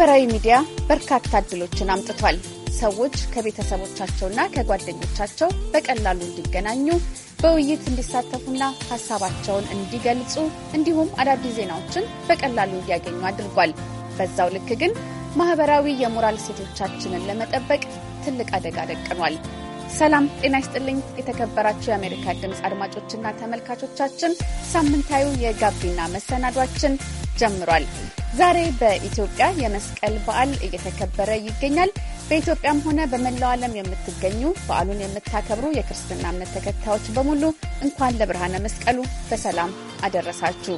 ማህበራዊ ሚዲያ በርካታ እድሎችን አምጥቷል። ሰዎች ከቤተሰቦቻቸውና ከጓደኞቻቸው በቀላሉ እንዲገናኙ፣ በውይይት እንዲሳተፉና ሀሳባቸውን እንዲገልጹ እንዲሁም አዳዲስ ዜናዎችን በቀላሉ እንዲያገኙ አድርጓል። በዛው ልክ ግን ማህበራዊ የሞራል እሴቶቻችንን ለመጠበቅ ትልቅ አደጋ ደቅኗል። ሰላም ጤና ይስጥልኝ። የተከበራችሁ የአሜሪካ ድምፅ አድማጮችና ተመልካቾቻችን ሳምንታዊ የጋቢና መሰናዷችን ጀምሯል። ዛሬ በኢትዮጵያ የመስቀል በዓል እየተከበረ ይገኛል። በኢትዮጵያም ሆነ በመላው ዓለም የምትገኙ በዓሉን የምታከብሩ የክርስትና እምነት ተከታዮች በሙሉ እንኳን ለብርሃነ መስቀሉ በሰላም አደረሳችሁ።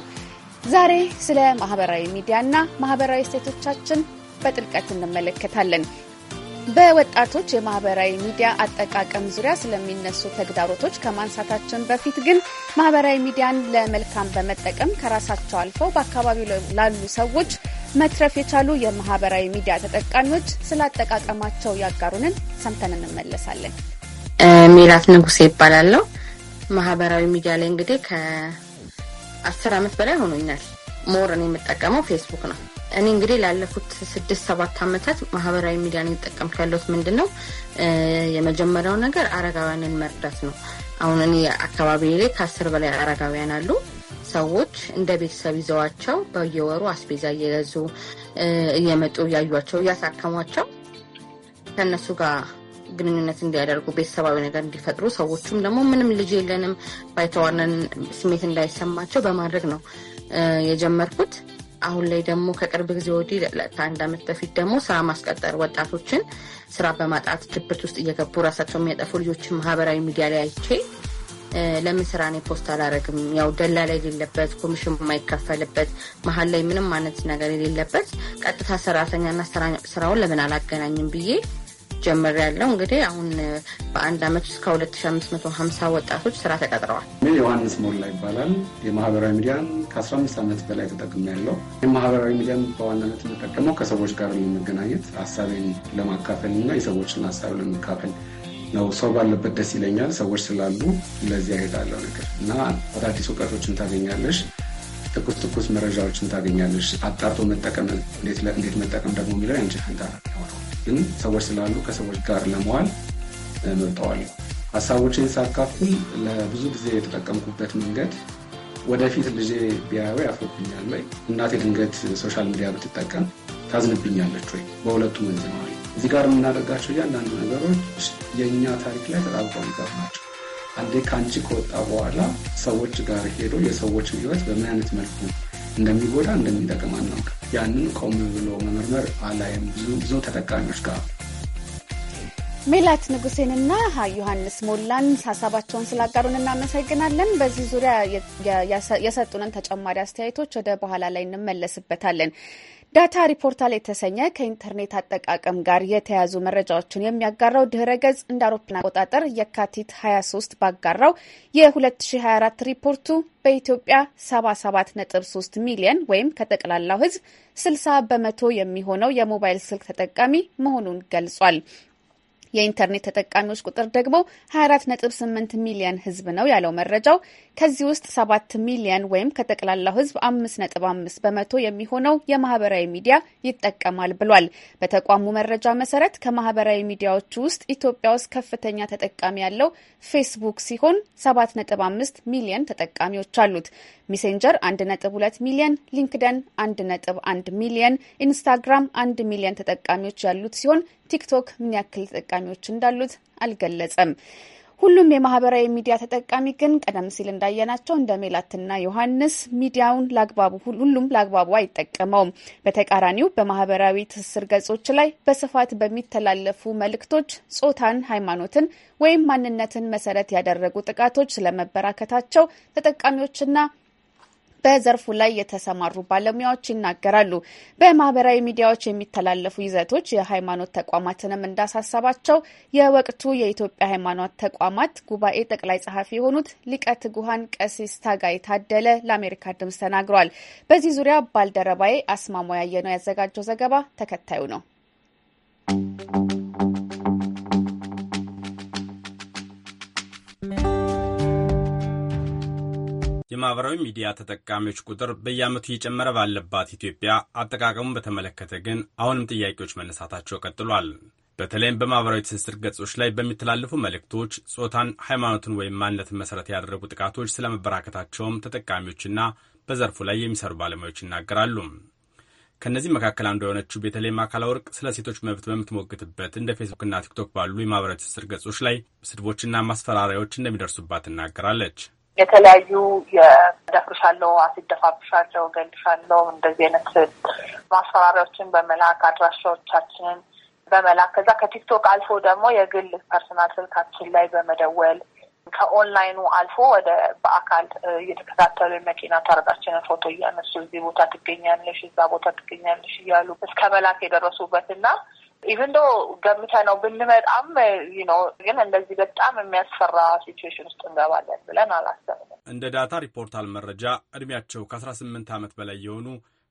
ዛሬ ስለ ማህበራዊ ሚዲያና ማህበራዊ እሴቶቻችን በጥልቀት እንመለከታለን። በወጣቶች የማህበራዊ ሚዲያ አጠቃቀም ዙሪያ ስለሚነሱ ተግዳሮቶች ከማንሳታችን በፊት ግን ማህበራዊ ሚዲያን ለመልካም በመጠቀም ከራሳቸው አልፈው በአካባቢው ላሉ ሰዎች መትረፍ የቻሉ የማህበራዊ ሚዲያ ተጠቃሚዎች ስለ አጠቃቀማቸው ያጋሩንን ሰምተን እንመለሳለን። ሜላት ንጉሴ ይባላለሁ። ማህበራዊ ሚዲያ ላይ እንግዲህ ከአስር አመት በላይ ሆኖኛል። ሞርን የምጠቀመው ፌስቡክ ነው። እኔ እንግዲህ ላለፉት ስድስት ሰባት ዓመታት ማህበራዊ ሚዲያን እየተጠቀምኩ ያለሁት ምንድን ነው፣ የመጀመሪያው ነገር አረጋውያንን መርዳት ነው። አሁን እኔ አካባቢ ላይ ከአስር በላይ አረጋውያን አሉ። ሰዎች እንደ ቤተሰብ ይዘዋቸው በየወሩ አስቤዛ እየገዙ እየመጡ እያዩቸው እያሳከሟቸው ከእነሱ ጋር ግንኙነት እንዲያደርጉ ቤተሰባዊ ነገር እንዲፈጥሩ ሰዎቹም ደግሞ ምንም ልጅ የለንም ባይተዋርነን ስሜት እንዳይሰማቸው በማድረግ ነው የጀመርኩት። አሁን ላይ ደግሞ ከቅርብ ጊዜ ወዲህ ከአንድ አመት በፊት ደግሞ ስራ ማስቀጠር ወጣቶችን ስራ በማጣት ድብርት ውስጥ እየገቡ ራሳቸው የሚያጠፉ ልጆችን ማህበራዊ ሚዲያ ላይ አይቼ ለምን ስራ እኔ ፖስት አላደረግም? ያው ደላ ላይ የሌለበት ኮሚሽን የማይከፈልበት መሀል ላይ ምንም አይነት ነገር የሌለበት ቀጥታ ሰራተኛና ስራውን ለምን አላገናኝም ብዬ ጀመር ያለው እንግዲህ አሁን በአንድ ዓመት ውስጥ ከ2550 ወጣቶች ስራ ተቀጥረዋል። እኔ ዮሐንስ ሞላ ይባላል። የማህበራዊ ሚዲያን ከ15 ዓመት በላይ ተጠቅሜ ያለው የማህበራዊ ሚዲያን በዋናነት የምጠቀመው ከሰዎች ጋር ለመገናኘት ሀሳቤን ለማካፈል እና የሰዎችን ሀሳብ ለመካፈል ነው። ሰው ባለበት ደስ ይለኛል። ሰዎች ስላሉ ለዚህ ይሄዳለው ነገር እና አዳዲስ እውቀቶችን ታገኛለሽ ትኩስ ትኩስ መረጃዎችን ታገኛለሽ። አጣርቶ መጠቀም እንዴት መጠቀም ደግሞ የሚለው ያንቺ ፈንታ ነው። ግን ሰዎች ስላሉ ከሰዎች ጋር ለመዋል መርጠዋለሁ። ሀሳቦችን ሳካፍል ለብዙ ጊዜ የተጠቀምኩበት መንገድ ወደፊት ልጄ ቢያየው ያፍርብኛል ወይ፣ እናቴ ድንገት ሶሻል ሚዲያ ብትጠቀም ታዝንብኛለች ወይ፣ በሁለቱ መንዝ ነው። እዚህ ጋር የምናደርጋቸው እያንዳንዱ ነገሮች የእኛ ታሪክ ላይ ተጣብቀው ናቸው። አንዴ ከአንቺ ከወጣ በኋላ ሰዎች ጋር ሄዶ የሰዎችን ህይወት በምን አይነት መልኩ እንደሚጎዳ እንደሚጠቅም አናውቅም። ያንን ቆም ብሎ መመርመር አላይም ብዙ ብዙ ተጠቃሚዎች ጋር ሜላት ንጉሴንና ዮሐንስ ሞላን ሀሳባቸውን ስላጋሩን እናመሰግናለን። በዚህ ዙሪያ የሰጡንን ተጨማሪ አስተያየቶች ወደ በኋላ ላይ እንመለስበታለን። ዳታ ሪፖርታል የተሰኘ ከኢንተርኔት አጠቃቀም ጋር የተያዙ መረጃዎችን የሚያጋራው ድህረ ገጽ እንደ አውሮፓውያን አቆጣጠር የካቲት 23 ባጋራው የ2024 ሪፖርቱ በኢትዮጵያ 77.3 ሚሊየን ወይም ከጠቅላላው ሕዝብ 60 በመቶ የሚሆነው የሞባይል ስልክ ተጠቃሚ መሆኑን ገልጿል። የኢንተርኔት ተጠቃሚዎች ቁጥር ደግሞ 248 ሚሊየን ህዝብ ነው ያለው መረጃው። ከዚህ ውስጥ 7 ሚሊየን ወይም ከጠቅላላው ህዝብ 5.5 በመቶ የሚሆነው የማህበራዊ ሚዲያ ይጠቀማል ብሏል። በተቋሙ መረጃ መሰረት ከማህበራዊ ሚዲያዎች ውስጥ ኢትዮጵያ ውስጥ ከፍተኛ ተጠቃሚ ያለው ፌስቡክ ሲሆን 7.5 ሚሊየን ተጠቃሚዎች አሉት። ሜሴንጀር 1.2 ሚሊየን፣ ሊንክደን 1.1 ሚሊየን፣ ኢንስታግራም 1 ሚሊየን ተጠቃሚዎች ያሉት ሲሆን ቲክቶክ ምን ያክል ተጠቃሚዎች እንዳሉት አልገለጸም። ሁሉም የማህበራዊ ሚዲያ ተጠቃሚ ግን ቀደም ሲል እንዳየናቸው እንደ ሜላትና ዮሐንስ ሚዲያውን ላግባቡ ሁሉም ላግባቡ አይጠቀመውም። በተቃራኒው በማህበራዊ ትስስር ገጾች ላይ በስፋት በሚተላለፉ መልእክቶች ጾታን፣ ሃይማኖትን ወይም ማንነትን መሰረት ያደረጉ ጥቃቶች ስለመበራከታቸው ተጠቃሚዎችና በዘርፉ ላይ የተሰማሩ ባለሙያዎች ይናገራሉ። በማህበራዊ ሚዲያዎች የሚተላለፉ ይዘቶች የሃይማኖት ተቋማትንም እንዳሳሰባቸው የወቅቱ የኢትዮጵያ ሃይማኖት ተቋማት ጉባኤ ጠቅላይ ጸሐፊ የሆኑት ሊቀ ትጉሃን ቀሲስ ታጋይ ታደለ ለአሜሪካ ድምፅ ተናግረዋል። በዚህ ዙሪያ ባልደረባዬ አስማማው ያየነው ያዘጋጀው ዘገባ ተከታዩ ነው። የማህበራዊ ሚዲያ ተጠቃሚዎች ቁጥር በየዓመቱ እየጨመረ ባለባት ኢትዮጵያ አጠቃቀሙን በተመለከተ ግን አሁንም ጥያቄዎች መነሳታቸው ቀጥሏል። በተለይም በማህበራዊ ትስስር ገጾች ላይ በሚተላለፉ መልእክቶች ጾታን፣ ሃይማኖትን ወይም ማንነትን መሰረት ያደረጉ ጥቃቶች ስለመበራከታቸውም ተጠቃሚዎችና በዘርፉ ላይ የሚሰሩ ባለሙያዎች ይናገራሉ። ከእነዚህ መካከል አንዱ የሆነችው ቤተልሔም አካለ ወርቅ ስለ ሴቶች መብት በምትሞግትበት እንደ ፌስቡክና ቲክቶክ ባሉ የማህበራዊ ትስስር ገጾች ላይ ስድቦችና ማስፈራሪያዎች እንደሚደርሱባት ትናገራለች። የተለያዩ የደፍርሻለው፣ አሲድ ደፋብሻለው፣ ገልሻለው እንደዚህ አይነት ማስፈራሪያዎችን በመላክ አድራሻዎቻችንን በመላክ ከዛ ከቲክቶክ አልፎ ደግሞ የግል ፐርሰናል ስልካችን ላይ በመደወል ከኦንላይኑ አልፎ ወደ በአካል እየተከታተሉ የመኪና ታርጋችንን ፎቶ እያነሱ እዚህ ቦታ ትገኛለሽ፣ እዛ ቦታ ትገኛለሽ እያሉ እስከ መላክ የደረሱበት እና ኢቨን ዶ ገምተ ነው ብንመጣም ነው ግን እንደዚህ በጣም የሚያስፈራ ሲትዌሽን ውስጥ እንገባለን ብለን አላሰብንም። እንደ ዳታ ሪፖርታል መረጃ እድሜያቸው ከአስራ ስምንት ዓመት በላይ የሆኑ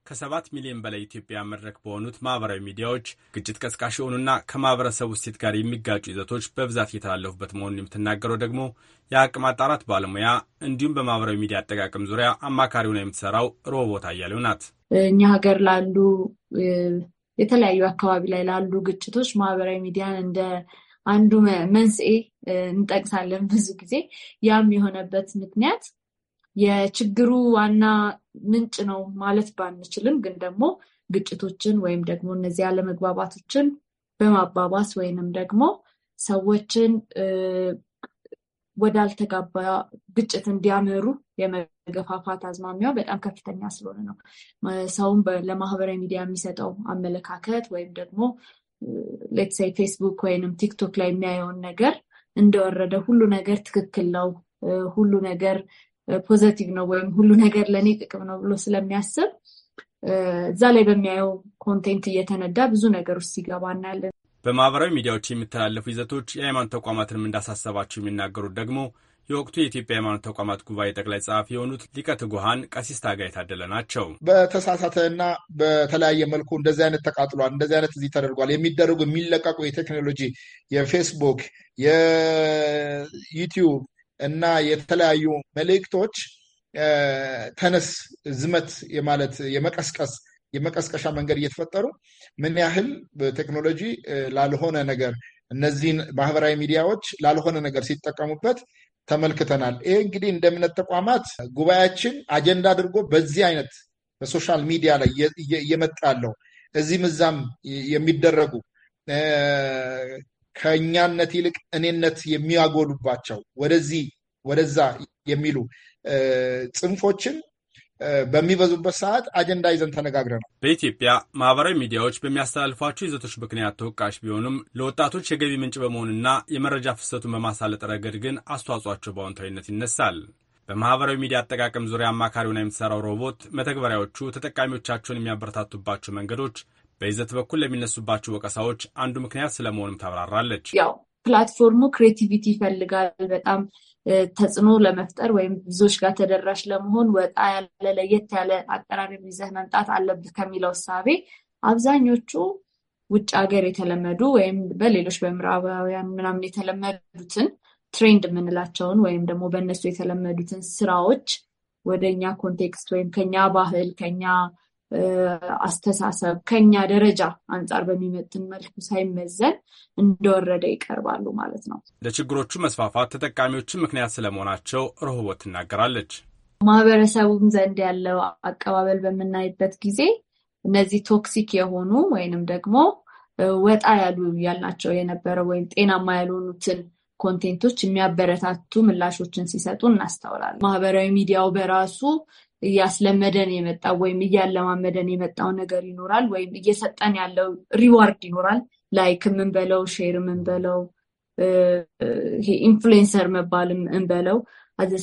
ከሰባት ሚሊዮን በላይ ኢትዮጵያ መድረክ በሆኑት ማህበራዊ ሚዲያዎች ግጭት ቀስቃሽ የሆኑና ከማህበረሰቡ እሴት ጋር የሚጋጩ ይዘቶች በብዛት እየተላለፉበት መሆኑን የምትናገረው ደግሞ የአቅም አጣራት ባለሙያ እንዲሁም በማህበራዊ ሚዲያ አጠቃቀም ዙሪያ አማካሪ ሆና የምትሰራው ሮቦት አያሌው ናት። እኛ ሀገር ላሉ የተለያዩ አካባቢ ላይ ላሉ ግጭቶች ማህበራዊ ሚዲያን እንደ አንዱ መንስኤ እንጠቅሳለን ብዙ ጊዜ። ያም የሆነበት ምክንያት የችግሩ ዋና ምንጭ ነው ማለት ባንችልም፣ ግን ደግሞ ግጭቶችን ወይም ደግሞ እነዚህ አለመግባባቶችን በማባባስ ወይንም ደግሞ ሰዎችን ወዳልተጋባ ግጭት እንዲያመሩ መገፋፋት አዝማሚያው በጣም ከፍተኛ ስለሆነ ነው። ሰውም ለማህበራዊ ሚዲያ የሚሰጠው አመለካከት ወይም ደግሞ ሌትሳይ ፌስቡክ ወይንም ቲክቶክ ላይ የሚያየውን ነገር እንደወረደ ሁሉ ነገር ትክክል ነው፣ ሁሉ ነገር ፖዘቲቭ ነው ወይም ሁሉ ነገር ለእኔ ጥቅም ነው ብሎ ስለሚያስብ እዛ ላይ በሚያየው ኮንቴንት እየተነዳ ብዙ ነገር ውስጥ ሲገባ እናያለን። በማህበራዊ ሚዲያዎች የሚተላለፉ ይዘቶች የሃይማኖት ተቋማትንም እንዳሳሰባቸው የሚናገሩት ደግሞ የወቅቱ የኢትዮጵያ ሃይማኖት ተቋማት ጉባኤ ጠቅላይ ጸሐፊ የሆኑት ሊቀ ትጉሃን ቀሲስ ታጋይ የታደለ ናቸው። በተሳሳተና በተለያየ መልኩ እንደዚህ አይነት ተቃጥሏል፣ እንደዚህ አይነት እዚህ ተደርጓል የሚደረጉ የሚለቀቁ የቴክኖሎጂ የፌስቡክ፣ የዩቲዩብ እና የተለያዩ መልእክቶች ተነስ ዝመት የማለት የመቀስቀስ የመቀስቀሻ መንገድ እየተፈጠሩ ምን ያህል በቴክኖሎጂ ላልሆነ ነገር እነዚህን ማህበራዊ ሚዲያዎች ላልሆነ ነገር ሲጠቀሙበት ተመልክተናል። ይሄ እንግዲህ እንደ እምነት ተቋማት ጉባኤያችን አጀንዳ አድርጎ በዚህ አይነት በሶሻል ሚዲያ ላይ እየመጣ ያለው እዚህም እዛም የሚደረጉ ከእኛነት ይልቅ እኔነት የሚያጎሉባቸው ወደዚህ ወደዛ የሚሉ ጽንፎችን በሚበዙበት ሰዓት አጀንዳ ይዘን ተነጋግረናል። በኢትዮጵያ ማህበራዊ ሚዲያዎች በሚያስተላልፏቸው ይዘቶች ምክንያት ተወቃሽ ቢሆኑም ለወጣቶች የገቢ ምንጭ በመሆንና የመረጃ ፍሰቱን በማሳለጥ ረገድ ግን አስተዋጽቸው በአዎንታዊነት ይነሳል። በማህበራዊ ሚዲያ አጠቃቀም ዙሪያ አማካሪ ሆና የምትሰራው ሮቦት መተግበሪያዎቹ ተጠቃሚዎቻቸውን የሚያበረታቱባቸው መንገዶች በይዘት በኩል ለሚነሱባቸው ወቀሳዎች አንዱ ምክንያት ስለመሆኑም ታብራራለች። ያው ፕላትፎርሙ ክሬቲቪቲ ይፈልጋል በጣም ተጽዕኖ ለመፍጠር ወይም ብዙዎች ጋር ተደራሽ ለመሆን ወጣ ያለ ለየት ያለ አቀራረብ ይዘህ መምጣት አለብህ ከሚለው እሳቤ አብዛኞቹ ውጭ ሀገር የተለመዱ ወይም በሌሎች በምዕራባውያን ምናምን የተለመዱትን ትሬንድ የምንላቸውን ወይም ደግሞ በእነሱ የተለመዱትን ስራዎች ወደኛ ኮንቴክስት ወይም ከኛ ባህል ከኛ አስተሳሰብ ከኛ ደረጃ አንጻር በሚመጥን መልኩ ሳይመዘን እንደወረደ ይቀርባሉ ማለት ነው። ለችግሮቹ መስፋፋት ተጠቃሚዎችን ምክንያት ስለመሆናቸው ረህቦት ትናገራለች። ማህበረሰቡም ዘንድ ያለው አቀባበል በምናይበት ጊዜ እነዚህ ቶክሲክ የሆኑ ወይንም ደግሞ ወጣ ያሉ ያልናቸው የነበረ ወይም ጤናማ ያልሆኑትን ኮንቴንቶች የሚያበረታቱ ምላሾችን ሲሰጡ እናስተውላለን። ማህበራዊ ሚዲያው በራሱ እያስለመደን የመጣ ወይም እያለማመደን የመጣው ነገር ይኖራል፣ ወይም እየሰጠን ያለው ሪዋርድ ይኖራል። ላይክ የምንበለው ሼር የምንበለው ይሄ ኢንፍሉዌንሰር መባል እንበለው።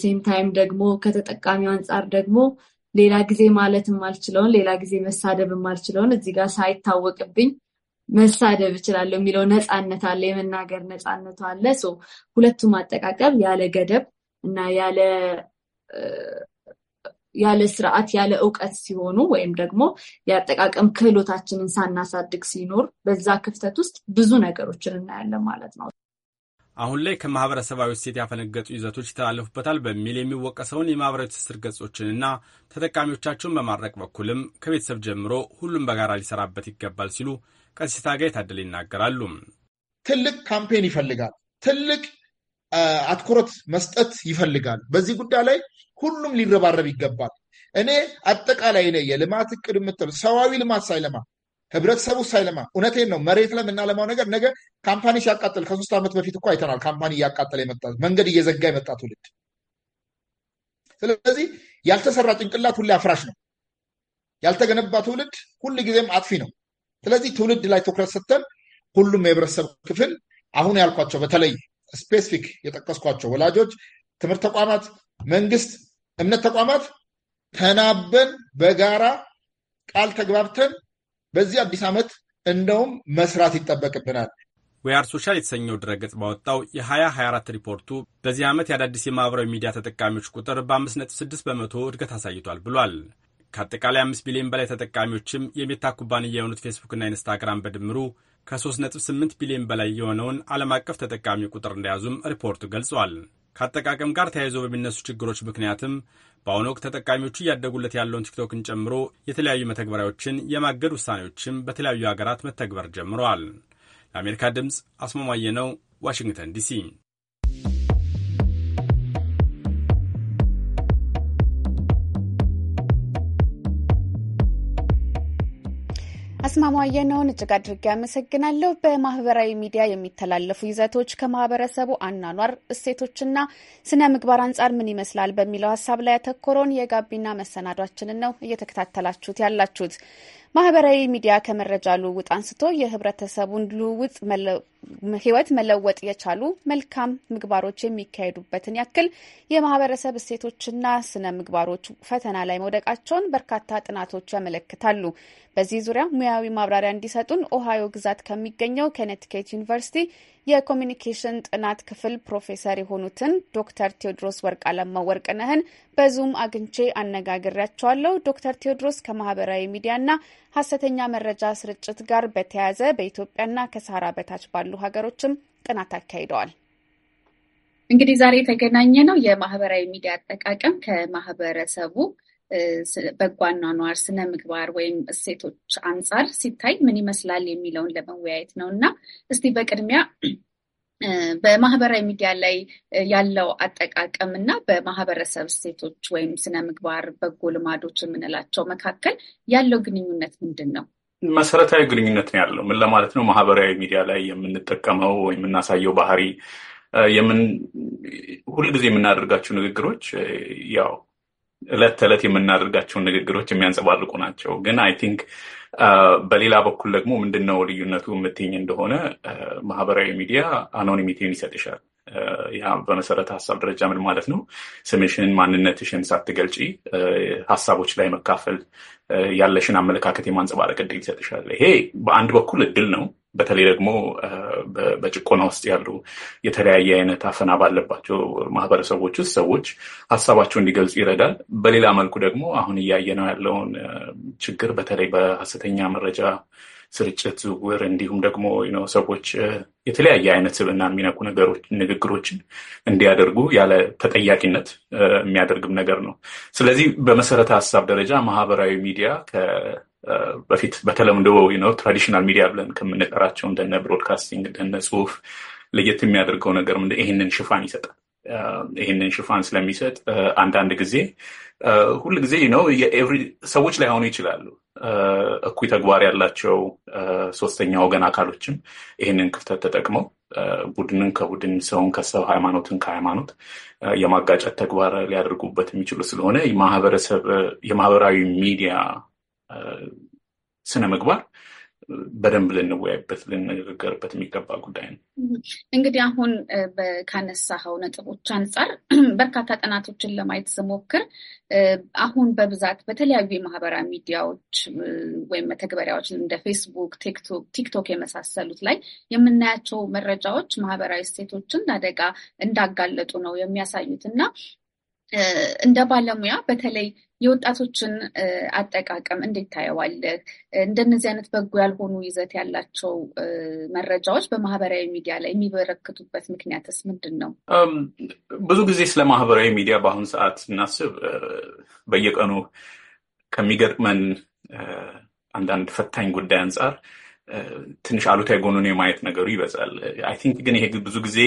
ሴም ታይም ደግሞ ከተጠቃሚው አንጻር ደግሞ ሌላ ጊዜ ማለት የማልችለውን ሌላ ጊዜ መሳደብ የማልችለውን እዚህ ጋር ሳይታወቅብኝ መሳደብ እችላለሁ የሚለው ነፃነት አለ፣ የመናገር ነፃነቱ አለ። ሁለቱም አጠቃቀም ያለ ገደብ እና ያለ ያለ ስርዓት ያለ እውቀት ሲሆኑ ወይም ደግሞ የአጠቃቀም ክህሎታችንን ሳናሳድግ ሲኖር በዛ ክፍተት ውስጥ ብዙ ነገሮችን እናያለን ማለት ነው። አሁን ላይ ከማህበረሰባዊ እሴት ያፈነገጡ ይዘቶች ይተላለፉበታል በሚል የሚወቀሰውን የማህበራዊ ትስስር ገጾችንና ተጠቃሚዎቻቸውን በማድረቅ በኩልም ከቤተሰብ ጀምሮ ሁሉም በጋራ ሊሰራበት ይገባል ሲሉ ቀሲስ ታጋይ ታደለ ይናገራሉ። ትልቅ ካምፔን ይፈልጋል። ትልቅ አትኩረት መስጠት ይፈልጋል። በዚህ ጉዳይ ላይ ሁሉም ሊረባረብ ይገባል። እኔ አጠቃላይ ነ የልማት እቅድ የምትል ሰዋዊ ልማት ሳይለማ ህብረተሰቡ ሳይለማ እውነቴን ነው። መሬት ላይ የምናለማው ነገር ነገ ካምፓኒ ሲያቃጥል ከሶስት ዓመት በፊት እኮ አይተናል። ካምፓኒ እያቃጠለ የመጣ መንገድ እየዘጋ የመጣ ትውልድ። ስለዚህ ያልተሰራ ጭንቅላት ሁሌ አፍራሽ ነው። ያልተገነባ ትውልድ ሁል ጊዜም አጥፊ ነው። ስለዚህ ትውልድ ላይ ትኩረት ሰጥተን ሁሉም የህብረተሰብ ክፍል አሁን ያልኳቸው በተለይ ስፔሲፊክ የጠቀስኳቸው ወላጆች፣ ትምህርት ተቋማት፣ መንግስት እምነት ተቋማት ተናበን በጋራ ቃል ተግባብተን በዚህ አዲስ ዓመት እንደውም መስራት ይጠበቅብናል። ዌአር ሶሻል የተሰኘው ድረገጽ ባወጣው የ2024 ሪፖርቱ በዚህ ዓመት የአዳዲስ የማኅበራዊ ሚዲያ ተጠቃሚዎች ቁጥር በ5.6 በመቶ እድገት አሳይቷል ብሏል። ከአጠቃላይ 5 ቢሊዮን በላይ ተጠቃሚዎችም የሜታ ኩባንያ የሆኑት ፌስቡክና ኢንስታግራም በድምሩ ከ3.8 ቢሊዮን በላይ የሆነውን ዓለም አቀፍ ተጠቃሚ ቁጥር እንደያዙም ሪፖርቱ ገልጿል። ከአጠቃቀም ጋር ተያይዞ በሚነሱ ችግሮች ምክንያትም በአሁኑ ወቅት ተጠቃሚዎቹ እያደጉለት ያለውን ቲክቶክን ጨምሮ የተለያዩ መተግበሪያዎችን የማገድ ውሳኔዎችም በተለያዩ ሀገራት መተግበር ጀምረዋል። ለአሜሪካ ድምፅ አስማማየ ነው፣ ዋሽንግተን ዲሲ አስማማየ ነውን እጅግ አድርጌ አመሰግናለሁ። በማህበራዊ ሚዲያ የሚተላለፉ ይዘቶች ከማህበረሰቡ አኗኗር እሴቶችና ስነ ምግባር አንጻር ምን ይመስላል በሚለው ሀሳብ ላይ ያተኮረውን የጋቢና መሰናዷችንን ነው እየተከታተላችሁት ያላችሁት። ማህበራዊ ሚዲያ ከመረጃ ልውውጥ አንስቶ የህብረተሰቡን ልውውጥ ህይወት መለወጥ የቻሉ መልካም ምግባሮች የሚካሄዱበትን ያክል የማህበረሰብ እሴቶችና ስነ ምግባሮች ፈተና ላይ መውደቃቸውን በርካታ ጥናቶች ያመለክታሉ። በዚህ ዙሪያ ሙያዊ ማብራሪያ እንዲሰጡን ኦሃዮ ግዛት ከሚገኘው ከኔቲኬት ዩኒቨርሲቲ የኮሚኒኬሽን ጥናት ክፍል ፕሮፌሰር የሆኑትን ዶክተር ቴዎድሮስ ወርቅ አለማው ወርቅነህን በዙም አግኝቼ አነጋግሬያቸዋለሁ። ዶክተር ቴዎድሮስ ከማህበራዊ ሚዲያና ሀሰተኛ መረጃ ስርጭት ጋር በተያያዘ በኢትዮጵያና ከሰሃራ በታች ባሉ ሀገሮችም ጥናት አካሂደዋል። እንግዲህ ዛሬ የተገናኘ ነው የማህበራዊ ሚዲያ አጠቃቀም ከማህበረሰቡ በጎ ስነ ምግባር ወይም እሴቶች አንጻር ሲታይ ምን ይመስላል የሚለውን ለመወያየት ነው እና እስቲ በቅድሚያ በማህበራዊ ሚዲያ ላይ ያለው አጠቃቀም እና በማህበረሰብ እሴቶች ወይም ስነ ምግባር፣ በጎ ልማዶች የምንላቸው መካከል ያለው ግንኙነት ምንድን ነው? መሰረታዊ ግንኙነት ነው ያለው። ምን ለማለት ነው? ማህበራዊ ሚዲያ ላይ የምንጠቀመው ወይም የምናሳየው ባህሪ ሁልጊዜ የምናደርጋቸው ንግግሮች ያው እለት ተዕለት የምናደርጋቸውን ንግግሮች የሚያንጸባርቁ ናቸው። ግን አይ ቲንክ በሌላ በኩል ደግሞ ምንድነው ልዩነቱ የምትኝ እንደሆነ ማህበራዊ ሚዲያ አኖኒሚቲን ይሰጥሻል። ያ በመሰረተ ሀሳብ ደረጃ ምን ማለት ነው? ስምሽን፣ ማንነትሽን ሳትገልጪ ሀሳቦች ላይ መካፈል፣ ያለሽን አመለካከት የማንጸባረቅ እድል ይሰጥሻል። ይሄ በአንድ በኩል እድል ነው፣ በተለይ ደግሞ በጭቆና ውስጥ ያሉ የተለያየ አይነት አፈና ባለባቸው ማህበረሰቦች ውስጥ ሰዎች ሀሳባቸው እንዲገልጹ ይረዳል። በሌላ መልኩ ደግሞ አሁን እያየነው ያለውን ችግር በተለይ በሀሰተኛ መረጃ ስርጭት፣ ዝውውር እንዲሁም ደግሞ ሰዎች የተለያየ አይነት ስብና የሚነኩ ንግግሮችን እንዲያደርጉ ያለ ተጠያቂነት የሚያደርግም ነገር ነው። ስለዚህ በመሰረተ ሀሳብ ደረጃ ማህበራዊ ሚዲያ በፊት በተለምዶ ነው ትራዲሽናል ሚዲያ ብለን ከምንጠራቸው እንደነ ብሮድካስቲንግ እንደነ ጽሁፍ ለየት የሚያደርገው ነገር ምንድን ይህንን ሽፋን ይሰጣል። ይህንን ሽፋን ስለሚሰጥ አንዳንድ ጊዜ ሁል ጊዜ ነው ሰዎች ላይሆኑ ይችላሉ። እኩይ ተግባር ያላቸው ሶስተኛ ወገን አካሎችም ይህንን ክፍተት ተጠቅመው ቡድንን ከቡድን ሰውን ከሰው ሃይማኖትን ከሃይማኖት የማጋጨት ተግባር ሊያደርጉበት የሚችሉ ስለሆነ የማህበረሰብ የማህበራዊ ሚዲያ ስነ ምግባር በደንብ ልንወያይበት ልንነጋገርበት የሚገባ ጉዳይ ነው። እንግዲህ አሁን ካነሳኸው ነጥቦች አንጻር በርካታ ጥናቶችን ለማየት ስሞክር አሁን በብዛት በተለያዩ የማህበራዊ ሚዲያዎች ወይም መተግበሪያዎች እንደ ፌስቡክ፣ ቲክቶክ የመሳሰሉት ላይ የምናያቸው መረጃዎች ማህበራዊ እሴቶችን አደጋ እንዳጋለጡ ነው የሚያሳዩት እና እንደ ባለሙያ በተለይ የወጣቶችን አጠቃቀም እንዴት ታየዋለህ? እንደነዚህ አይነት በጎ ያልሆኑ ይዘት ያላቸው መረጃዎች በማህበራዊ ሚዲያ ላይ የሚበረክቱበት ምክንያትስ ምንድን ነው? ብዙ ጊዜ ስለ ማህበራዊ ሚዲያ በአሁኑ ሰዓት ስናስብ በየቀኑ ከሚገጥመን አንዳንድ ፈታኝ ጉዳይ አንጻር ትንሽ አሉታዊ ጎኑን የማየት ነገሩ ይበዛል። አይ ቲንክ ግን ይሄ ብዙ ጊዜ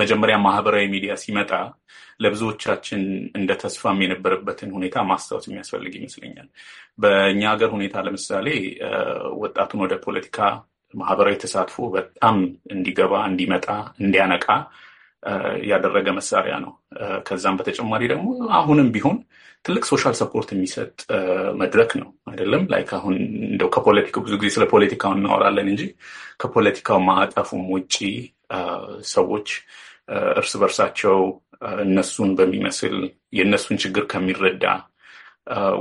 መጀመሪያ ማህበራዊ ሚዲያ ሲመጣ ለብዙዎቻችን እንደ ተስፋም የነበረበትን ሁኔታ ማስታወስ የሚያስፈልግ ይመስለኛል። በእኛ ሀገር ሁኔታ ለምሳሌ ወጣቱን ወደ ፖለቲካ ማህበራዊ ተሳትፎ በጣም እንዲገባ፣ እንዲመጣ፣ እንዲያነቃ ያደረገ መሳሪያ ነው። ከዛም በተጨማሪ ደግሞ አሁንም ቢሆን ትልቅ ሶሻል ሰፖርት የሚሰጥ መድረክ ነው። አይደለም ላይክ አሁን እንደው ከፖለቲካው ብዙ ጊዜ ስለ ፖለቲካው እናወራለን እንጂ ከፖለቲካው ማዕቀፉም ውጪ ሰዎች እርስ በርሳቸው እነሱን በሚመስል የእነሱን ችግር ከሚረዳ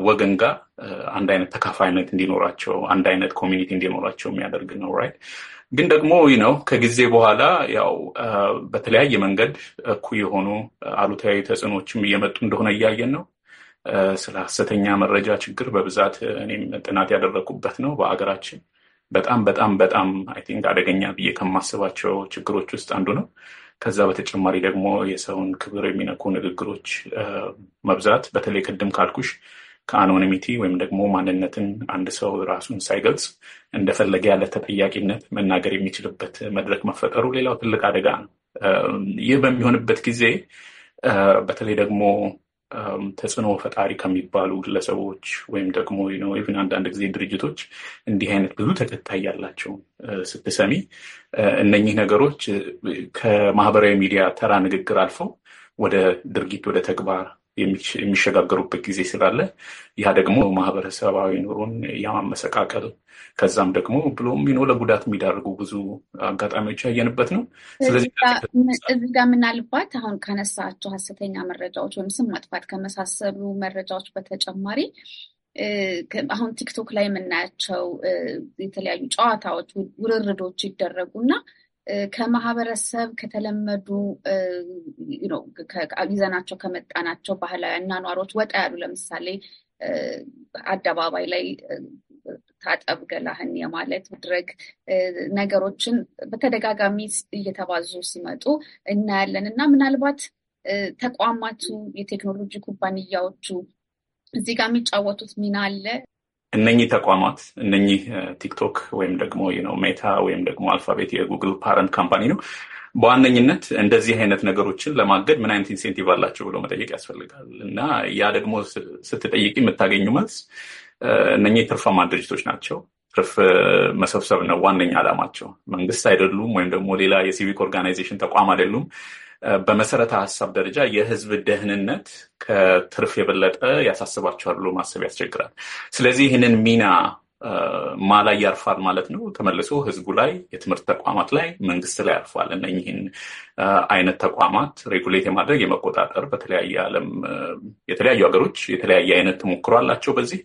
ወገን ጋር አንድ አይነት ተካፋይነት እንዲኖራቸው አንድ አይነት ኮሚኒቲ እንዲኖራቸው የሚያደርግ ነው። ራይት ግን ደግሞ ይህ ነው ከጊዜ በኋላ ያው በተለያየ መንገድ እኩ የሆኑ አሉታዊ ተጽዕኖችም እየመጡ እንደሆነ እያየን ነው። ስለ ሀሰተኛ መረጃ ችግር በብዛት እኔም ጥናት ያደረኩበት ነው። በሀገራችን በጣም በጣም በጣም አይ ቲንክ አደገኛ ብዬ ከማስባቸው ችግሮች ውስጥ አንዱ ነው። ከዛ በተጨማሪ ደግሞ የሰውን ክብር የሚነኩ ንግግሮች መብዛት፣ በተለይ ቅድም ካልኩሽ ከአኖኒሚቲ ወይም ደግሞ ማንነትን አንድ ሰው ራሱን ሳይገልጽ እንደፈለገ ያለ ተጠያቂነት መናገር የሚችልበት መድረክ መፈጠሩ ሌላው ትልቅ አደጋ ነው። ይህ በሚሆንበት ጊዜ በተለይ ደግሞ ተጽዕኖ ፈጣሪ ከሚባሉ ግለሰቦች ወይም ደግሞ ኢቭን አንዳንድ ጊዜ ድርጅቶች እንዲህ አይነት ብዙ ተከታይ ያላቸውን ስትሰሚ እነኚህ ነገሮች ከማህበራዊ ሚዲያ ተራ ንግግር አልፈው ወደ ድርጊት፣ ወደ ተግባር የሚሸጋገሩበት ጊዜ ስላለ ያ ደግሞ ማህበረሰባዊ ኑሮን የማመሰቃቀል ከዛም ደግሞ ብሎም ሚኖ ለጉዳት የሚዳርጉ ብዙ አጋጣሚዎች ያየንበት ነው። እዚህ ጋር ምናልባት አሁን ከነሳቸው ሀሰተኛ መረጃዎች ወይም ስም ማጥፋት ከመሳሰሉ መረጃዎች በተጨማሪ አሁን ቲክቶክ ላይ የምናያቸው የተለያዩ ጨዋታዎች፣ ውርርዶች ይደረጉና ከማህበረሰብ ከተለመዱ ይዘናቸው ከመጣናቸው ባህላዊ አኗኗሮች ወጣ ያሉ ለምሳሌ አደባባይ ላይ ታጠብ ገላህን የማለት ድረግ ነገሮችን በተደጋጋሚ እየተባዙ ሲመጡ እናያለን እና ምናልባት ተቋማቱ የቴክኖሎጂ ኩባንያዎቹ እዚህ ጋር የሚጫወቱት ሚና አለ። እነኚህ ተቋማት እነኚህ ቲክቶክ ወይም ደግሞ ሜታ ወይም ደግሞ አልፋቤት የጉግል ፓረንት ካምፓኒ ነው በዋነኝነት እንደዚህ አይነት ነገሮችን ለማገድ ምን አይነት ኢንሴንቲቭ አላቸው ብሎ መጠየቅ ያስፈልጋል። እና ያ ደግሞ ስትጠይቅ የምታገኙ መልስ እነኚህ ትርፋማ ድርጅቶች ናቸው። ትርፍ መሰብሰብ ነው ዋነኛ ዓላማቸው። መንግስት አይደሉም፣ ወይም ደግሞ ሌላ የሲቪክ ኦርጋናይዜሽን ተቋም አይደሉም። በመሰረተ ሀሳብ ደረጃ የህዝብ ደህንነት ከትርፍ የበለጠ ያሳስባቸዋል ብሎ ማሰብ ያስቸግራል። ስለዚህ ይህንን ሚና ማላይ ያርፋል ማለት ነው። ተመልሶ ህዝቡ ላይ፣ የትምህርት ተቋማት ላይ፣ መንግስት ላይ ያርፋል። ይህን አይነት ተቋማት ሬጉሌት የማድረግ የመቆጣጠር በተለያየ ዓለም የተለያዩ ሀገሮች የተለያየ አይነት ተሞክሮ አላቸው። በዚህ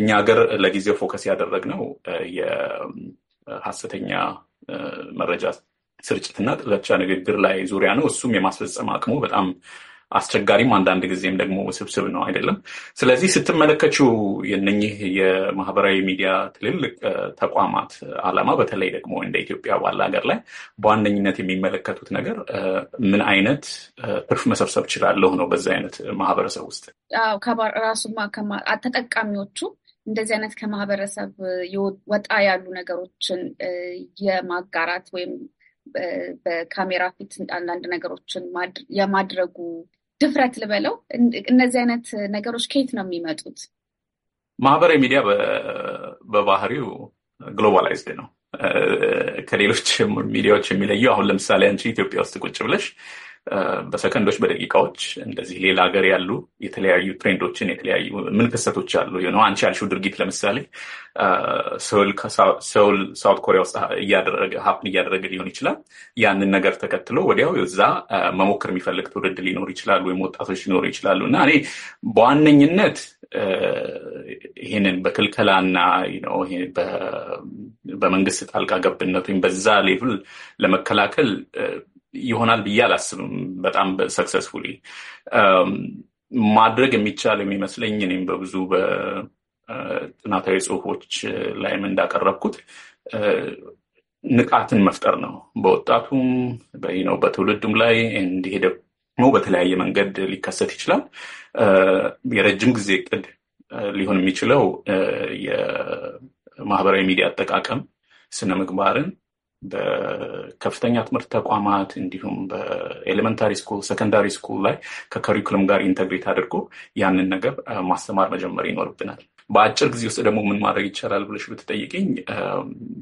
እኛ ሀገር ለጊዜው ፎከስ ያደረግነው የሀሰተኛ መረጃ ስርጭትና ጥላቻ ንግግር ላይ ዙሪያ ነው። እሱም የማስፈጸም አቅሙ በጣም አስቸጋሪም አንዳንድ ጊዜም ደግሞ ውስብስብ ነው አይደለም። ስለዚህ ስትመለከችው የነኚህ የማህበራዊ ሚዲያ ትልልቅ ተቋማት አላማ በተለይ ደግሞ እንደ ኢትዮጵያ ባለ ሀገር ላይ በዋነኝነት የሚመለከቱት ነገር ምን አይነት ትርፍ መሰብሰብ ችላለሁ ነው። በዚህ አይነት ማህበረሰብ ውስጥ ራሱ ተጠቃሚዎቹ እንደዚህ አይነት ከማህበረሰብ ወጣ ያሉ ነገሮችን የማጋራት ወይም በካሜራ ፊት አንዳንድ ነገሮችን የማድረጉ ድፍረት ልበለው። እነዚህ አይነት ነገሮች ከየት ነው የሚመጡት? ማህበራዊ ሚዲያ በባህሪው ግሎባላይዝድ ነው። ከሌሎች ሚዲያዎች የሚለየው አሁን ለምሳሌ አንቺ ኢትዮጵያ ውስጥ ቁጭ ብለሽ በሰከንዶች በደቂቃዎች እንደዚህ ሌላ ሀገር ያሉ የተለያዩ ትሬንዶችን የተለያዩ ምን ክስተቶች አሉ የሆነው አንቺ ያልሽው ድርጊት ለምሳሌ ሰውል ሳውት ኮሪያ ውስጥ እያደረገ ሀፕን እያደረገ ሊሆን ይችላል። ያንን ነገር ተከትሎ ወዲያው እዛ መሞከር የሚፈልግ ትውልድ ሊኖር ይችላሉ ወይም ወጣቶች ሊኖሩ ይችላሉ እና እኔ በዋነኝነት ይህንን በክልከላና በመንግስት ጣልቃ ገብነት ወይም በዛ ሌቭል ለመከላከል ይሆናል ብዬ አላስብም። በጣም ሰክሰስፉሊ ማድረግ የሚቻል የሚመስለኝ እኔም በብዙ በጥናታዊ ጽሁፎች ላይም እንዳቀረብኩት ንቃትን መፍጠር ነው። በወጣቱም ነው በትውልዱም ላይ እንዲሄ ደግሞ በተለያየ መንገድ ሊከሰት ይችላል። የረጅም ጊዜ እቅድ ሊሆን የሚችለው የማህበራዊ ሚዲያ አጠቃቀም ስነ ምግባርን በከፍተኛ ትምህርት ተቋማት እንዲሁም በኤሌመንታሪ ስኩል፣ ሰከንዳሪ ስኩል ላይ ከከሪኩለም ጋር ኢንተግሬት አድርጎ ያንን ነገር ማስተማር መጀመር ይኖርብናል። በአጭር ጊዜ ውስጥ ደግሞ ምን ማድረግ ይቻላል ብለሽ ብትጠይቅኝ፣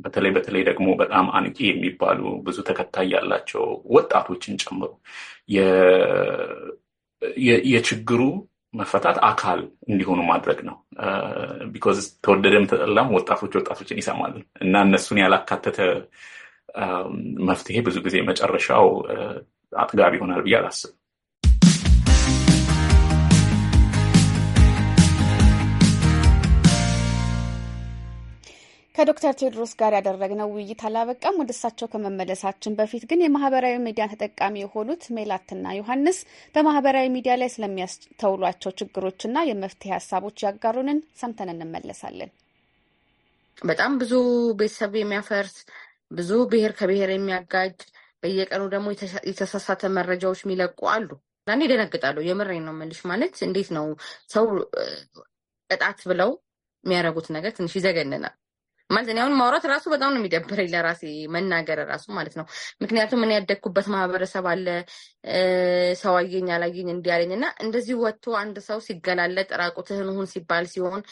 በተለይ በተለይ ደግሞ በጣም አንቂ የሚባሉ ብዙ ተከታይ ያላቸው ወጣቶችን ጨምሮ የችግሩ መፈታት አካል እንዲሆኑ ማድረግ ነው። ቢኮዝ ተወደደም ተጠላም ወጣቶች ወጣቶችን ይሰማል እና እነሱን ያላካተተ መፍትሄ ብዙ ጊዜ መጨረሻው አጥጋቢ ይሆናል ብዬ አላስብም። ከዶክተር ቴዎድሮስ ጋር ያደረግነው ውይይት አላበቃም። ወደ እሳቸው ከመመለሳችን በፊት ግን የማህበራዊ ሚዲያ ተጠቃሚ የሆኑት ሜላትና ዮሐንስ በማህበራዊ ሚዲያ ላይ ስለሚያስተውሏቸው ችግሮችና የመፍትሄ ሀሳቦች ያጋሩንን ሰምተን እንመለሳለን። በጣም ብዙ ቤተሰብ የሚያፈርስ ብዙ ብሔር ከብሔር የሚያጋጅ በየቀኑ ደግሞ የተሳሳተ መረጃዎች የሚለቁ አሉ። ዛኔ ይደነግጣለሁ። የምሬን ነው የምልሽ። ማለት እንዴት ነው ሰው ቅጣት ብለው የሚያደርጉት ነገር ትንሽ ይዘገንናል። ማለት እኔ አሁን ማውራት ራሱ በጣም ነው የሚደብረኝ ለራሴ መናገር ራሱ ማለት ነው። ምክንያቱም እኔ ያደግኩበት ማህበረሰብ አለ ሰው አየኝ አላየኝ እንዲህ አለኝ እና እንደዚህ ወጥቶ አንድ ሰው ሲገላለጥ ራቁትህን ሁን ሲባል ሲሆን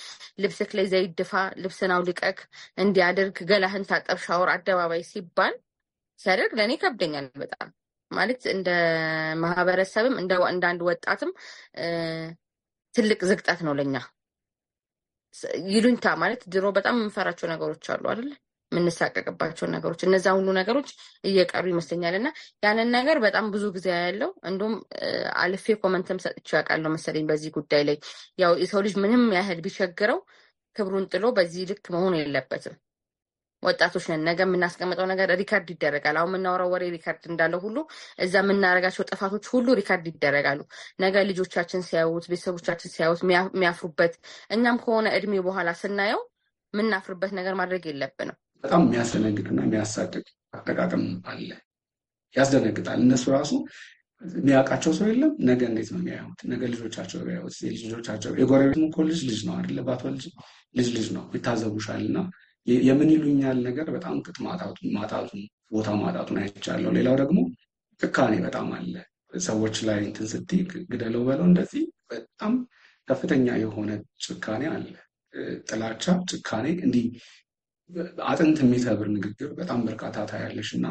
ልብስክ ላይ ዘይት ድፋ፣ ልብስን አውልቀክ እንዲያደርግ፣ ገላህን ታጠብ፣ ሻወር አደባባይ ሲባል ሲያደርግ ለእኔ ከብደኛል በጣም ማለት እንደ ማህበረሰብም እንደ አንድ ወጣትም ትልቅ ዝግጠት ነው ለኛ ይሉኝታ ማለት ድሮ በጣም የምንፈራቸው ነገሮች አሉ አይደለ? የምንሳቀቅባቸው ነገሮች እነዛ ሁሉ ነገሮች እየቀሩ ይመስለኛል። እና ያንን ነገር በጣም ብዙ ጊዜ ያለው እንዲሁም አልፌ ኮመንትም ሰጥቼ ያውቃለሁ መሰለኝ በዚህ ጉዳይ ላይ ያው የሰው ልጅ ምንም ያህል ቢቸግረው ክብሩን ጥሎ በዚህ ልክ መሆን የለበትም ወጣቶች ነን። ነገ የምናስቀምጠው ነገር ሪካርድ ይደረጋል። አሁን የምናወራው ወሬ ሪካርድ እንዳለው ሁሉ እዛ የምናደርጋቸው ጥፋቶች ሁሉ ሪካርድ ይደረጋሉ። ነገ ልጆቻችን ሲያዩት፣ ቤተሰቦቻችን ሲያዩት የሚያፍሩበት እኛም ከሆነ እድሜ በኋላ ስናየው የምናፍርበት ነገር ማድረግ የለብንም። በጣም የሚያስደነግጥና የሚያሳድግ አጠቃቀም አለ። ያስደነግጣል። እነሱ ራሱ የሚያውቃቸው ሰው የለም። ነገ እንዴት ነው የሚያዩት? ነገ ልጆቻቸው ቢያዩት ልጆቻቸው የጎረቤት ኮ ልጅ ልጅ ነው አይደለ? ባቶ ልጅ ልጅ ልጅ ነው ይታዘቡሻል እና የምን ይሉኛል ነገር በጣም ቅጥ ማጣቱን ቦታ ማጣቱን አይቻለሁ። ሌላው ደግሞ ጭካኔ በጣም አለ። ሰዎች ላይ እንትን ስትይ ግደለው በለው እንደዚህ በጣም ከፍተኛ የሆነ ጭካኔ አለ። ጥላቻ፣ ጭካኔ፣ እንዲህ አጥንት የሚሰብር ንግግር በጣም በርካታ ታያለሽ እና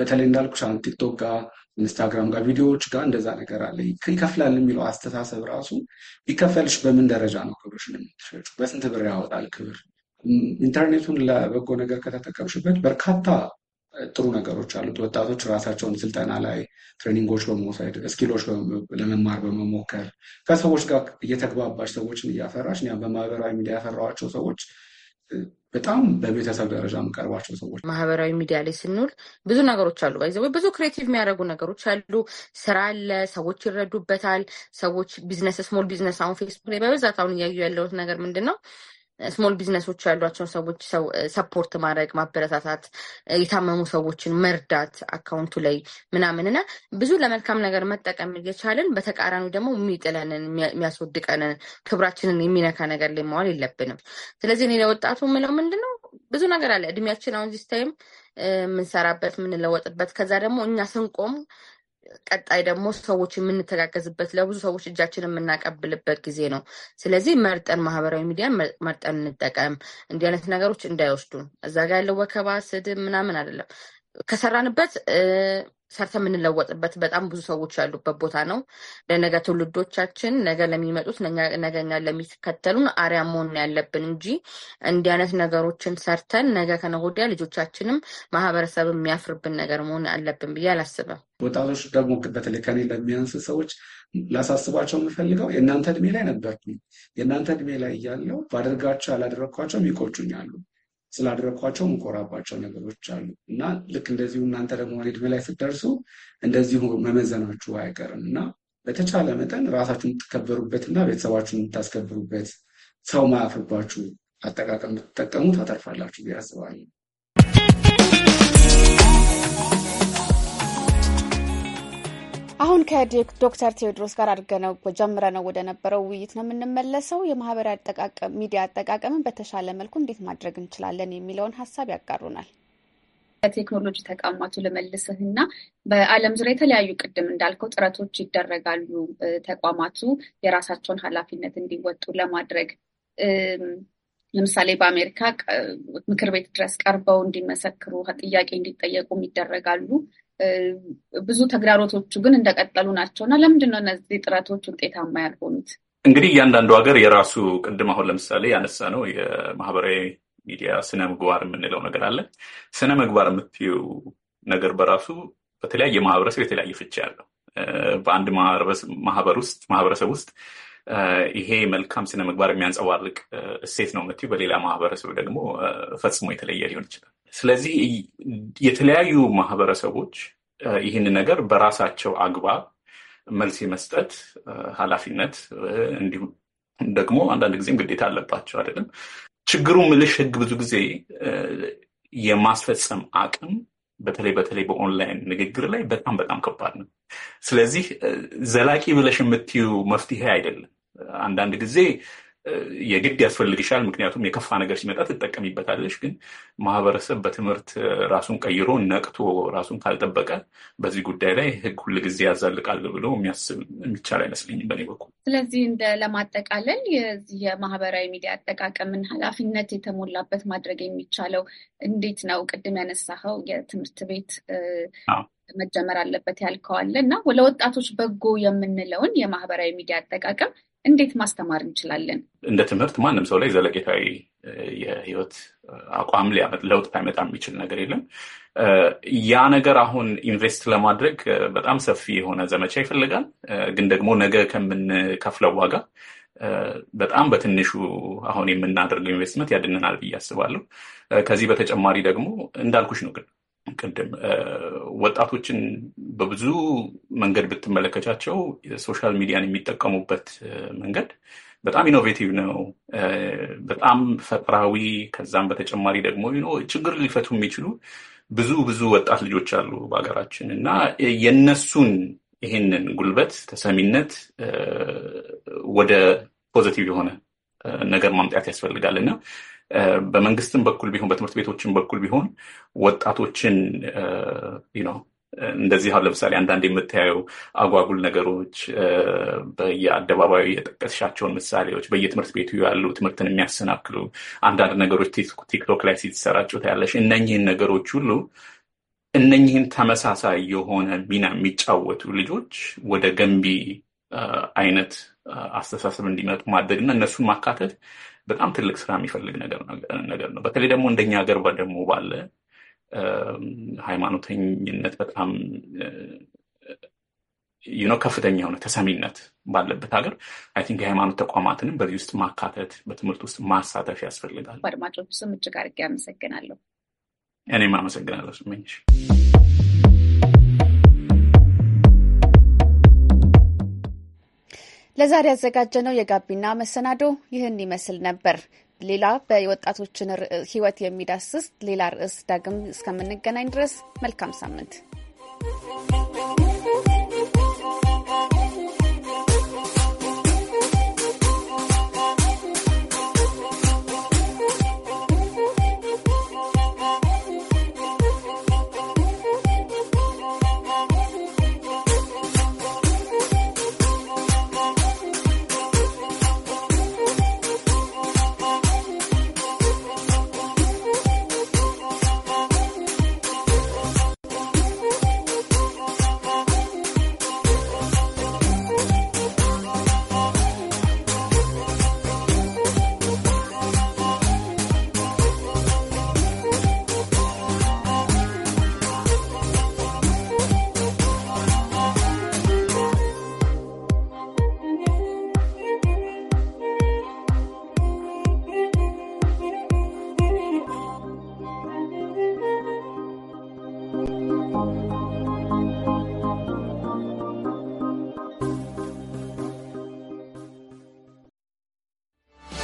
በተለይ እንዳልኩሽ ቲክቶክ ጋር ኢንስታግራም ጋር ቪዲዮዎች ጋር እንደዛ ነገር አለ። ይከፍላል የሚለው አስተሳሰብ ራሱ ይከፈልሽ በምን ደረጃ ነው ክብርሽን የምትሸጩ? በስንት ብር ያወጣል ክብር? ኢንተርኔቱን ለበጎ ነገር ከተጠቀምሽበት በርካታ ጥሩ ነገሮች አሉት። ወጣቶች ራሳቸውን ስልጠና ላይ ትሬኒንጎች በመውሰድ እስኪሎች ለመማር በመሞከር ከሰዎች ጋር እየተግባባሽ ሰዎችን እያፈራሽ በማህበራዊ ሚዲያ ያፈራዋቸው ሰዎች በጣም በቤተሰብ ደረጃ የምቀርባቸው ሰዎች ማህበራዊ ሚዲያ ላይ ስንውል ብዙ ነገሮች አሉ። ይዘ ብዙ ክሬቲቭ የሚያደርጉ ነገሮች አሉ። ስራ አለ፣ ሰዎች ይረዱበታል። ሰዎች ቢዝነስ ስሞል ቢዝነስ አሁን ፌስቡክ ላይ በብዛት አሁን እያዩ ያለሁት ነገር ምንድን ነው ስሞል ቢዝነሶች ያሏቸውን ሰዎች ሰፖርት ማድረግ ማበረታታት፣ የታመሙ ሰዎችን መርዳት አካውንቱ ላይ ምናምን እና ብዙ ለመልካም ነገር መጠቀም እየቻልን በተቃራኒ ደግሞ የሚጥለንን የሚያስወድቀንን ክብራችንን የሚነካ ነገር ላይ መዋል የለብንም። ስለዚህ እኔ ለወጣቱ ምለው ምንድን ነው ብዙ ነገር አለ እድሜያችን አሁን ዚስታይም የምንሰራበት የምንለወጥበት ከዛ ደግሞ እኛ ስንቆም ቀጣይ ደግሞ ሰዎች የምንተጋገዝበት ለብዙ ሰዎች እጃችን የምናቀብልበት ጊዜ ነው። ስለዚህ መርጠን ማህበራዊ ሚዲያን መርጠን እንጠቀም። እንዲህ አይነት ነገሮች እንዳይወስዱን። እዛ ጋ ያለው ወከባ፣ ስድብ ምናምን አይደለም። ከሰራንበት ሰርተ የምንለወጥበት በጣም ብዙ ሰዎች ያሉበት ቦታ ነው። ለነገ ትውልዶቻችን፣ ነገ ለሚመጡት፣ ነገኛ ለሚከተሉን አሪያ መሆን ያለብን እንጂ እንዲህ አይነት ነገሮችን ሰርተን ነገ ከነጎዲያ ልጆቻችንም ማህበረሰብ የሚያፍርብን ነገር መሆን አለብን ብዬ አላስብም። ወጣቶች ደግሞ በተለይ ከኔ ለሚያንስ ሰዎች ላሳስባቸው የምፈልገው የእናንተ እድሜ ላይ ነበርኩኝ። የእናንተ እድሜ ላይ እያለው ባደርጋቸው ያላደረግኳቸው ይቆጩኛሉ። ስላደረግኳቸው የምኮራባቸው ነገሮች አሉ እና ልክ እንደዚሁ እናንተ ደግሞ እድሜ ላይ ስትደርሱ እንደዚሁ መመዘናችሁ አይቀርም እና በተቻለ መጠን ራሳችሁን የምትከበሩበት እና ቤተሰባችሁን የምታስከብሩበት ሰው ማያፍርባችሁ አጠቃቀም ብትጠቀሙ ታተርፋላችሁ ብዬ አስባለሁ። አሁን ከዶክተር ቴዎድሮስ ጋር አድርገነው ጀምረነው ወደ ነበረው ውይይት ነው የምንመለሰው። የማህበራዊ ሚዲያ አጠቃቀምን በተሻለ መልኩ እንዴት ማድረግ እንችላለን የሚለውን ሀሳብ ያጋሩናል። ከቴክኖሎጂ ተቋማቱ ልመልስህ እና በዓለም ዙሪያ የተለያዩ ቅድም እንዳልከው ጥረቶች ይደረጋሉ። ተቋማቱ የራሳቸውን ኃላፊነት እንዲወጡ ለማድረግ ለምሳሌ በአሜሪካ ምክር ቤት ድረስ ቀርበው እንዲመሰክሩ ጥያቄ እንዲጠየቁም ይደረጋሉ። ብዙ ተግዳሮቶቹ ግን እንደቀጠሉ ናቸው እና ለምንድን ነው እነዚህ ጥረቶች ውጤታማ ያልሆኑት? እንግዲህ እያንዳንዱ ሀገር የራሱ ቅድም አሁን ለምሳሌ ያነሳ ነው የማህበራዊ ሚዲያ ስነ ምግባር የምንለው ነገር አለ። ስነ ምግባር የምትይው ነገር በራሱ በተለያየ ማህበረሰብ የተለያየ ፍቺ ያለው በአንድ ማህበር ውስጥ ማህበረሰብ ውስጥ ይሄ መልካም ስነ ምግባር የሚያንጸባርቅ እሴት ነው የምትይው በሌላ ማህበረሰብ ደግሞ ፈጽሞ የተለየ ሊሆን ይችላል። ስለዚህ የተለያዩ ማህበረሰቦች ይህን ነገር በራሳቸው አግባብ መልስ የመስጠት ኃላፊነት እንዲሁም ደግሞ አንዳንድ ጊዜም ግዴታ አለባቸው አይደለም። ችግሩ ምልሽ ህግ ብዙ ጊዜ የማስፈጸም አቅም በተለይ በተለይ በኦንላይን ንግግር ላይ በጣም በጣም ከባድ ነው። ስለዚህ ዘላቂ ብለሽ የምትዩ መፍትሄ አይደለም። አንዳንድ ጊዜ የግድ ያስፈልግሻል። ምክንያቱም የከፋ ነገር ሲመጣ ትጠቀሚበታለሽ። ግን ማህበረሰብ በትምህርት ራሱን ቀይሮ ነቅቶ ራሱን ካልጠበቀ በዚህ ጉዳይ ላይ ሕግ ሁልጊዜ ያዛልቃል ብሎ የሚያስብ የሚቻል አይመስለኝም በኔ በኩል። ስለዚህ እንደ ለማጠቃለል የማህበራዊ ሚዲያ አጠቃቀምን ኃላፊነት የተሞላበት ማድረግ የሚቻለው እንዴት ነው? ቅድም ያነሳኸው የትምህርት ቤት መጀመር አለበት ያልከዋለ እና ለወጣቶች በጎ የምንለውን የማህበራዊ ሚዲያ አጠቃቀም እንዴት ማስተማር እንችላለን? እንደ ትምህርት ማንም ሰው ላይ ዘለቄታዊ የህይወት አቋም ለውጥ ላይመጣ የሚችል ነገር የለም። ያ ነገር አሁን ኢንቨስት ለማድረግ በጣም ሰፊ የሆነ ዘመቻ ይፈልጋል። ግን ደግሞ ነገ ከምንከፍለው ዋጋ በጣም በትንሹ አሁን የምናደርገው ኢንቨስትመንት ያድንናል ብዬ አስባለሁ። ከዚህ በተጨማሪ ደግሞ እንዳልኩሽ ነው ግን ቅድም ወጣቶችን በብዙ መንገድ ብትመለከቻቸው ሶሻል ሚዲያን የሚጠቀሙበት መንገድ በጣም ኢኖቬቲቭ ነው። በጣም ፈጥራዊ ከዛም በተጨማሪ ደግሞ ችግር ሊፈቱ የሚችሉ ብዙ ብዙ ወጣት ልጆች አሉ በሀገራችን እና የነሱን ይህንን ጉልበት፣ ተሰሚነት ወደ ፖዘቲቭ የሆነ ነገር ማምጣት ያስፈልጋል እና በመንግስትም በኩል ቢሆን በትምህርት ቤቶችም በኩል ቢሆን ወጣቶችን ነው እንደዚህ አሁን ለምሳሌ አንዳንድ የምታየው አጓጉል ነገሮች በየአደባባዩ የጠቀስሻቸውን ምሳሌዎች በየትምህርት ቤቱ ያሉ ትምህርትን የሚያሰናክሉ አንዳንድ ነገሮች ቲክቶክ ላይ ሲሰራጩ ታያለሽ። እነኝህን ነገሮች ሁሉ እነኝህን ተመሳሳይ የሆነ ሚና የሚጫወቱ ልጆች ወደ ገንቢ አይነት አስተሳሰብ እንዲመጡ ማድረግና እነሱን ማካተት በጣም ትልቅ ስራ የሚፈልግ ነገር ነው። በተለይ ደግሞ እንደኛ ሀገር ደግሞ ባለ ሃይማኖተኝነት በጣም ዩኖ ከፍተኛ የሆነ ተሰሚነት ባለበት ሀገር አይ ቲንክ የሃይማኖት ተቋማትንም በዚህ ውስጥ ማካተት፣ በትምህርት ውስጥ ማሳተፍ ያስፈልጋል። አድማጮች ስም እጅግ አድርጌ አመሰግናለሁ። እኔም አመሰግናለሁ ስመኝሽ። ለዛሬ ያዘጋጀነው የጋቢና መሰናዶ ይህን ይመስል ነበር። ሌላ በወጣቶችን ሕይወት የሚዳስስ ሌላ ርዕስ ዳግም እስከምንገናኝ ድረስ መልካም ሳምንት።